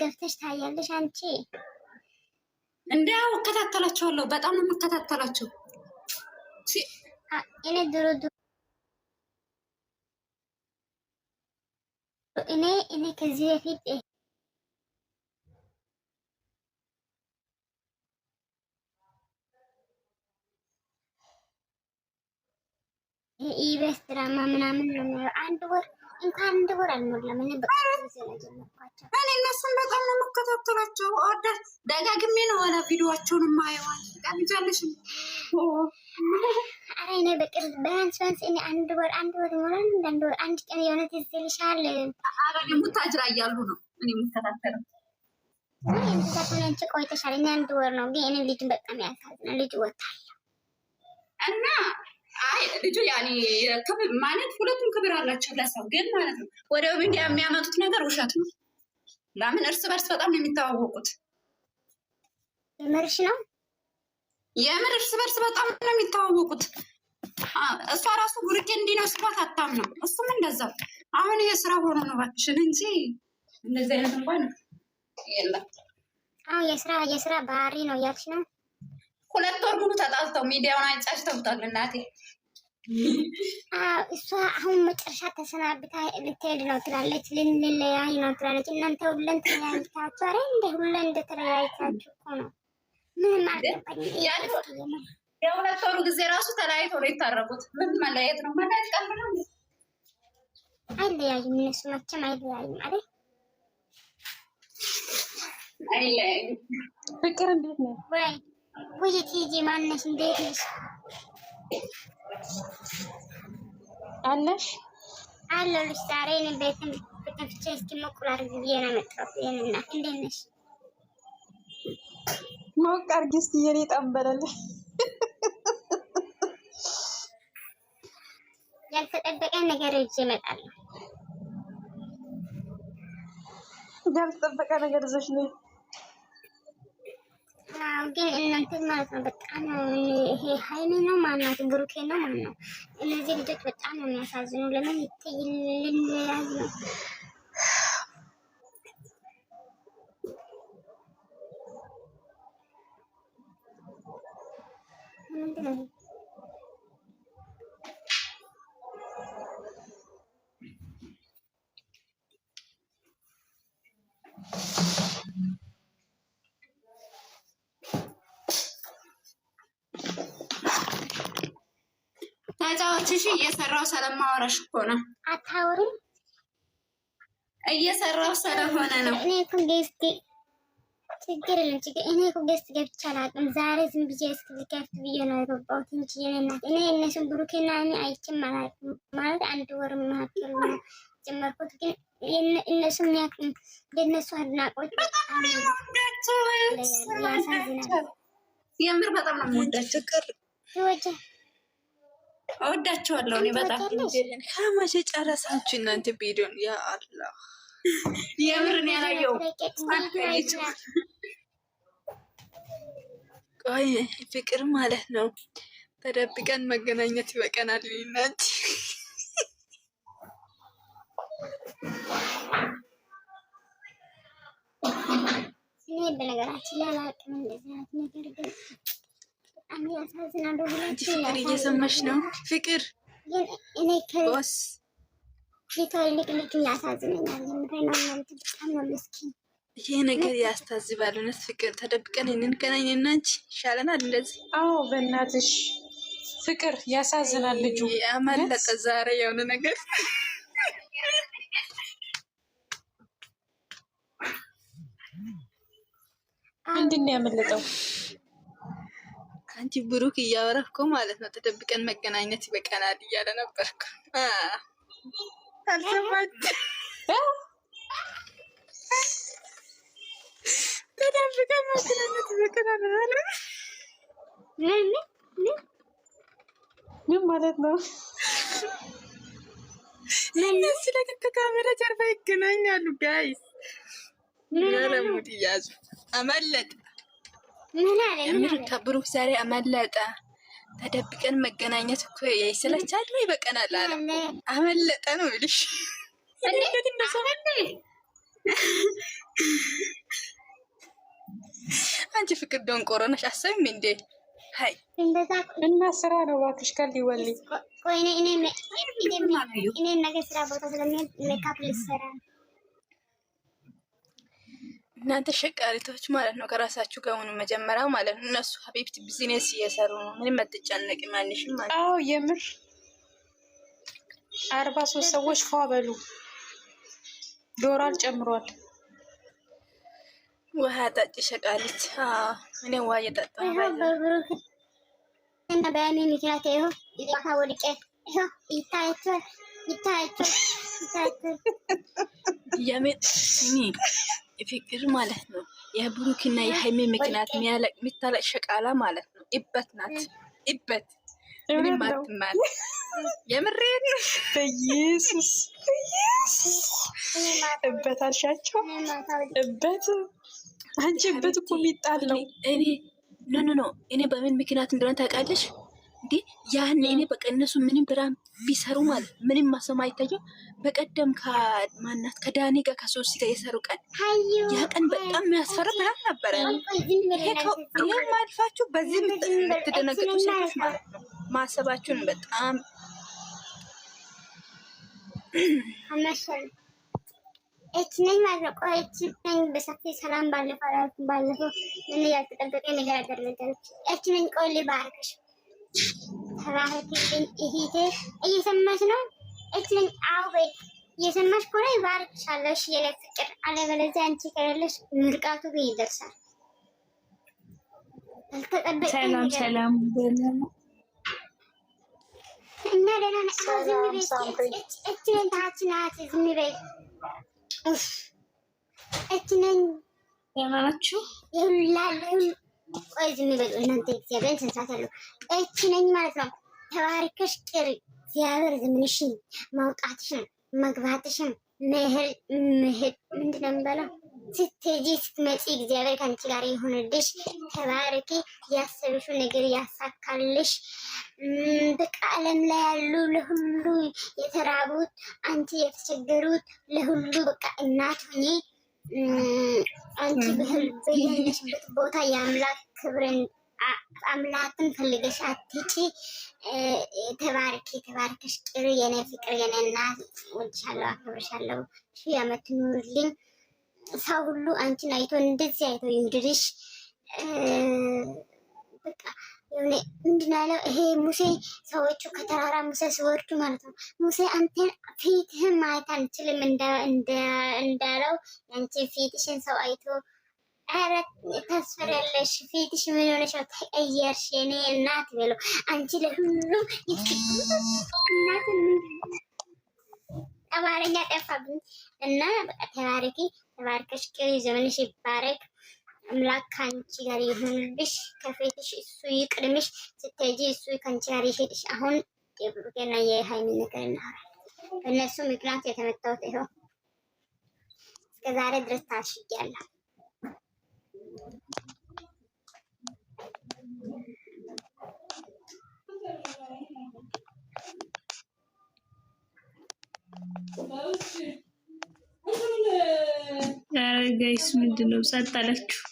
ገብተሽ ታያለሽ አንቺ። እንዲያው ያው እከታተላቸዋለሁ፣ በጣም ነው የምከታተላቸው። እኔ ድሮ ድሮ እኔ እኔ ከዚህ በፊት ኢቢኤስ ድራማ ምናምን ነው አንድ ወር እንኳን አንድ ወር አልሞላም። እኔ በቃ እኔ እነሱን በጣም ነው የምከታተላቸው። ኦርደር ደጋግሜ ነው ሆነ ቪዲዮቸውን ማየዋል። ቃልጃለሽ አረ እኔ በቅርብ በያንስ ቢያንስ እኔ አንድ ወር አንድ ወር ይሞላል። አንድ ወር አንድ ቀን የሆነ ትዝ ይልሻል። አረ ሙታጅራ እያሉ ነው እኔ የምከታተለው ቆይተሻል። እኔ አንድ ወር ነው ግን እኔ ልጅ በጣም ያሳዝናል። ልጅ ወታለ እና አይ ልጁ ያኔ ክብር ማለት ሁለቱም ክብር አላቸው ለሰው ግን ማለት ነው። ወደ ሚዲያ የሚያመጡት ነገር ውሸት ነው። ለምን እርስ በርስ በጣም ነው የሚተዋወቁት። የምርሽ ነው የምር እርስ በርስ በጣም ነው የሚተዋወቁት። እሷ ራሱ ጉርጌ እንዲህ ነው ስሏት አታምነው፣ እሱም እንደዛው። አሁን ይሄ ስራ ሆኖ ነው እባክሽን እንጂ እንደዚህ አይነት እንኳን የለም። የስራ የስራ ባህሪ ነው እያልሽ ነው። ሁለት ወር ሙሉ ተጣልተው ሚዲያውን አንጫጭተውታል እናቴ እሷ አሁን መጨረሻ ተሰናብታ ልትሄድ ነው ትላለች፣ ልንለያይ ነው ትላለች። እናንተ ሁለን ተለያይታችሁ አረ እንደ ሁለን እንደተለያይታችሁ እኮ ነው። ምንም የሁለት ወሩ ጊዜ ራሱ ተለያይቶ ነው የታረቁት። ምን መለያየት ነው? መለያየት ቀን ነው። አይለያዩም፣ እነሱ መቼም አይለያዩም። አረ አይለያዩም። ፍቅር እንዴት ነው? ወይ ውይይት ሂጂ ማነሽ እንዴት ነሽ? አለሽ አለሁልሽ። ዛሬ እኔ ቤትም ከፍቼ እስኪ ነው የመጣሁት። የእኔ እናት እንዴት ነሽ? ሞቅ አድርጊ እስኪ የእኔ ጠንበለልሽ። ያልተጠበቀ ነገር ይዤ እመጣለሁ። ያልተጠበቀ ነገር ይዘሽ ግን እናንተ ማለት ነው በጣም ይሄ ሀይሜ ነው ማናት ብሩኬ ነው ማለት ነው። እነዚህ ልጆች በጣም ነው የሚያሳዝኑ። ለምን ይትይልን ያዝ ነው መጫዎችሽ እየሰራው ስለማወራሽ እኮ ነው። አታውሪም? እየሰራው ስለሆነ ነው። እኔ እኮ ጌስት ችግር የለም ችግር እኔ እኮ ጌስት ገብቼ አላውቅም። ዛሬ ዝም ብዬ እስኪ ከፍት ብዬ ነው የገባሁት እንጂ የእናት እኔ እነሱን ብሩኬና እኔ አይቼም አላውቅም። ማለት አንድ ወር መካከል ነው ጀመርኩት፣ ግን እነሱ የሚያውቅም እንደነሱ አድናቆች ነው የምር በጣም ነው የምወዳቸው እወዳቸዋለሁ። እኔ በጣም ከመቼ ጨረሳችሁ እናንተ ቪዲዮን? ያ አላህ የምርን ያላየው ቆይ ፍቅር ማለት ነው። ተደብቀን መገናኘት ይበቀናል። ናት እኔ ላይ አላውቅም እንደዚህ ነገር ግን አንቺ ፍቅር እየሰማሽ ነው? ፍቅር ቦስ የትልቅ ልጁ ያሳዝነኛል። ይሄ ነገር ያስታዝባል። እውነት ፍቅር ተደብቀን እንገናኝ እና ይሻለናል እንደዚህ። አዎ በእናትሽ ፍቅር ያሳዝናል። ልጁ ያመለጠ ዛሬ የሆነ ነገር ምንድን ነው ያመለጠው? አንቺ ብሩክ እያወራ እኮ ማለት ነው ተደብቀን መገናኘት ይበቀናል እያለ ነበርኩ። አልሰማችም? ተደብቀን መገናኘት ይበቀናል አለ። ምን ማለት ነው? እነሱ ለግ ከካሜራ ጀርባ ይገናኛሉ። ጋይስ ያለሙድ እያዙ አመለጠ የምሩታ ብሩክ ዛሬ አመለጠ። ተደብቀን መገናኘት እኮ ይሰለቻል ይበቀናል አለ። አመለጠ ነው አንቺ ፍቅር ደንቆሮ ነሽ። አሰብም እንዴ ሀይ እና ስራ ነው እባክሽ። ከል እኔ ነገ ስራ ቦታ ስለሚሄድ ሜካፕ ልሰራ እናንተ ሸቃሪቶች ማለት ነው። ከራሳችሁ ጋር ሆኑ መጀመሪያ ማለት ነው። እነሱ ሀቢብት ቢዝነስ እየሰሩ ነው። ምንም አትጨነቂ ማንሽም ማለት አዎ፣ የምር አርባ ሶስት ሰዎች ፏ በሉ። ዶራል ጨምሯል። ውሃ ጠጭ ሸቃሊት። እኔ ውሃ እየጠጣ በእኔ ምክንያት ይሁ ይታ ወድቄ ይኸው ይታያቸዋል ይታያቸዋል ይታያቸዋል የሜ ፍቅር ማለት ነው። የብሩክና የሃይሚ ምክንያት የሚታለቅ ሸቃላ ማለት ነው። እበት ናት እበት ምንማትማል አትማል። የምሬን በኢየሱስ እበት አልሻቸው እበት አንቺ እበት እኮ የሚጣለው እኔ ኖ ኖ ኖ እኔ በምን ምክንያት እንደሆነ ታውቃለሽ እንዴ? ያን እኔ በቀነሱ ምንም ብራም ቢሰሩ ማለት ምንም ማሰማ አይታየው። በቀደም ከማናት ከዳኒ ጋር ከሶስት ጋር የሰሩ ቀን ያ ቀን በጣም የሚያስፈራ ምናምን ነበረ። ይህም አልፋችሁ በዚህ የምትደነግጡ ሰዎች ማለት ማሰባችሁን በጣም ነኝ እችነኝ ማድረቆ ነኝ በሰፊ ሰላም ባለፈው ባለፈው ምን ያልተጠበቀ ነገር አደረገች። ነኝ ቆሌ ባርክሽ ተባረክልኝ እህቴ። እየሰማሽ ነው እትልኝ? አውቤ እየሰማሽ ከሆነ ይባርክሻለሁ። የለ ፍቅር፣ አለበለዚያ አንቺ ከሌለሽ ምርቃቱ ግን ይደርሳል። ሰላም ሰላም እና ደህና ነህ? አዎ ዝም በይ ታች ናት። ዝም በይ ደህና ናችሁ? ይሁላል ቆይ ዝም ይበሉ እናንተ። እግዚአብሔር ስንሳት ያለው እቺ ነኝ ማለት ነው። ተባርከሽ ቅሪ እግዚአብሔር ዝምንሽን ማውጣትሽን መግባትሽን ምህል ምህል ምንድን ነው የሚባለው ስትሄጂ ስትመጪ እግዚአብሔር ከአንቺ ጋር ይሁንልሽ። ተባረኪ። ያሰብሽው ነገር ያሳካልሽ። በቃ ዓለም ላይ ያሉ ለሁሉ የተራቡት አንቺ የተቸገሩት ለሁሉ በቃ እናት ሁኚ። አንቺ በያለሽበት ቦታ የአምላክ ክብርን አምላክን ፈልገሽ አትጪ። ተባርኪ፣ ተባርከሽ ቅሪ። የኔ ፍቅር፣ የኔ እናት ወድሻለሁ፣ አክብርሻለሁ። ሺ ዓመት ኑርልኝ። ሰው ሁሉ አንቺን አይቶ እንደዚህ አይቶ ይውድድሽ። በቃ የሆነ ምንድን ያለው ይሄ ሙሴ ሰዎቹ ከተራራ ሙሴ ሲወርዱ ማለት ነው። ሙሴ አንተን ፊትህን ማየት አንችልም እንዳለው ያንቺ ፊትሽን ሰው አይቶ ኧረ ታስፈሪያለሽ፣ ፊትሽ ምን ሆነሽ ተቀየርሽ የኔ እናት በለው። አንቺ ለሁሉም እናትን አማርኛ ጠፋብኝ እና በቃ ተባረኪ፣ ተባርከሽ፣ ቅሪ ዘመንሽ ይባረክ። አምላክ ከአንቺ ጋር ይሁንልሽ፣ ከፊትሽ እሱ ይቅድምሽ፣ ስትሄጂ እሱ ከአንቺ ጋር ይሄድሽ። አሁን የብሩኬና የሃይሚ ነገር እናወራለን። በእነሱ ምክንያት የተመታሁት ይኸው ዛሬ ድረስ ታሽጊያለሁ። ጋይስ ምንድን ነው ጸጥ አላችሁ?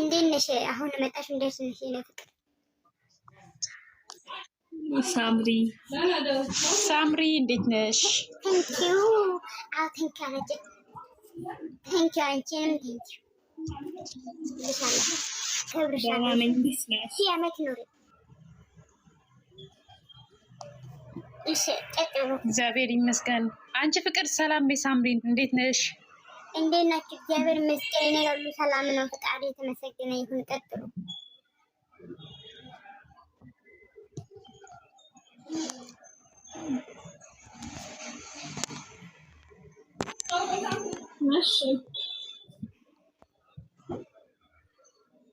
እንዴት ነሽ? አሁን መጣሽ? እንዴት ነሽ? ሳምሪ ሳምሪ እንዴት ነሽ? ቴንኪው አዎ፣ ቴንኪው አለች። ቴንኪው አንቺንም ቴንኪው እግዚአብሔር ይመስገን። አንቺ ፍቅር ሰላም ቤት ሳምሪ እንዴት ነሽ? እንዴት ናችሁ? እግዚአብሔር ይመስገን፣ እኔ ሁሉ ሰላም ነው። ፈጣሪ የተመሰገነ ይሁን። ቀጥሉ።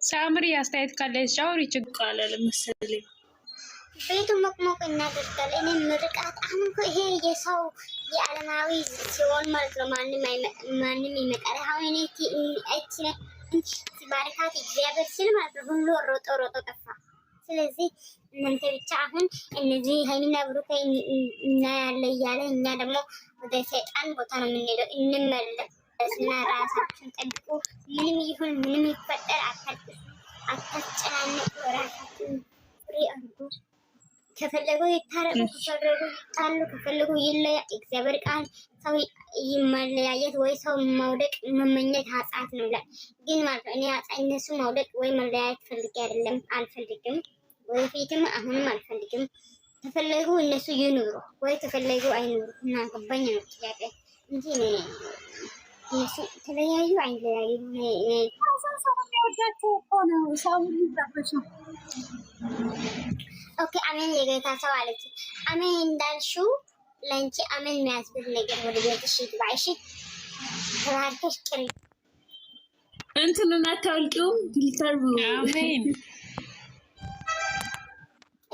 ሳምሪ አስተያየት ካለ ጫውሪ ችግር አለ ለምሳሌ ቤቱ ሞቅሞቅ እናደርጋል። እኔ ምርቃት አሁን ይሄ የሰው የዓለማዊ ሲሆን ማለት ነው። ማንም ይመጣል። አሁን እኔ ባርካት እግዚአብሔር ሲል ማለት ነው ሁሉ ሮጦ ሮጦ ጠፋ። ስለዚህ እናንተ ብቻ አሁን እነዚህ ሀይሚና ብሩክ እናያለ እያለ እኛ ደግሞ ወደ ሰይጣን ቦታ ነው የምንሄደው። እንመለስና ራሳችን ጠብቁ። ምንም ይሁን ምንም ይፈጠር አታጨናነቁ። ራሳችን ፍሪ አድርጉ። ከፈለጉ ይታረቁ፣ ከፈለጉ ይጣሉ፣ ከፈለጉ ይለያ። እግዚአብሔር ቃል ሰው መለያየት ወይ ሰው መውደቅ መመኘት ኃጢአት ነው ይላል። ግን ማለት እኔ እነሱ መውደቅ ወይ መለያየት ፈልጌ አይደለም፣ አልፈልግም፣ ወደፊትም አሁንም አልፈልግም። ከፈለጉ እነሱ ይኑሩ ወይ ከፈለጉ አይኑሩ። እናንተ በኛ ነው ጥያቄ እንጂ እነሱ ተለያዩ አይለያዩ ሰው ሰው የሚወዳቸው ሆነ ሰው የሚባበት ኦኬ አሜን፣ የጌታ ሰው አለች። አሜን እንዳልሽው ለአንቺ አሜን የሚያስብል ነገር ወደ ቤትሽ ይግባ። እሺ ተባርከሽ ቅሪ እንትኑን አታውልቂውም ፊልተሩ አሜን።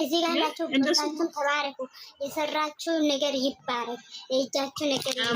እዚህ ጋር ያላችሁ ተባረኩ። የሰራችሁ ነገር ይባረክ። የእጃችሁ ነገር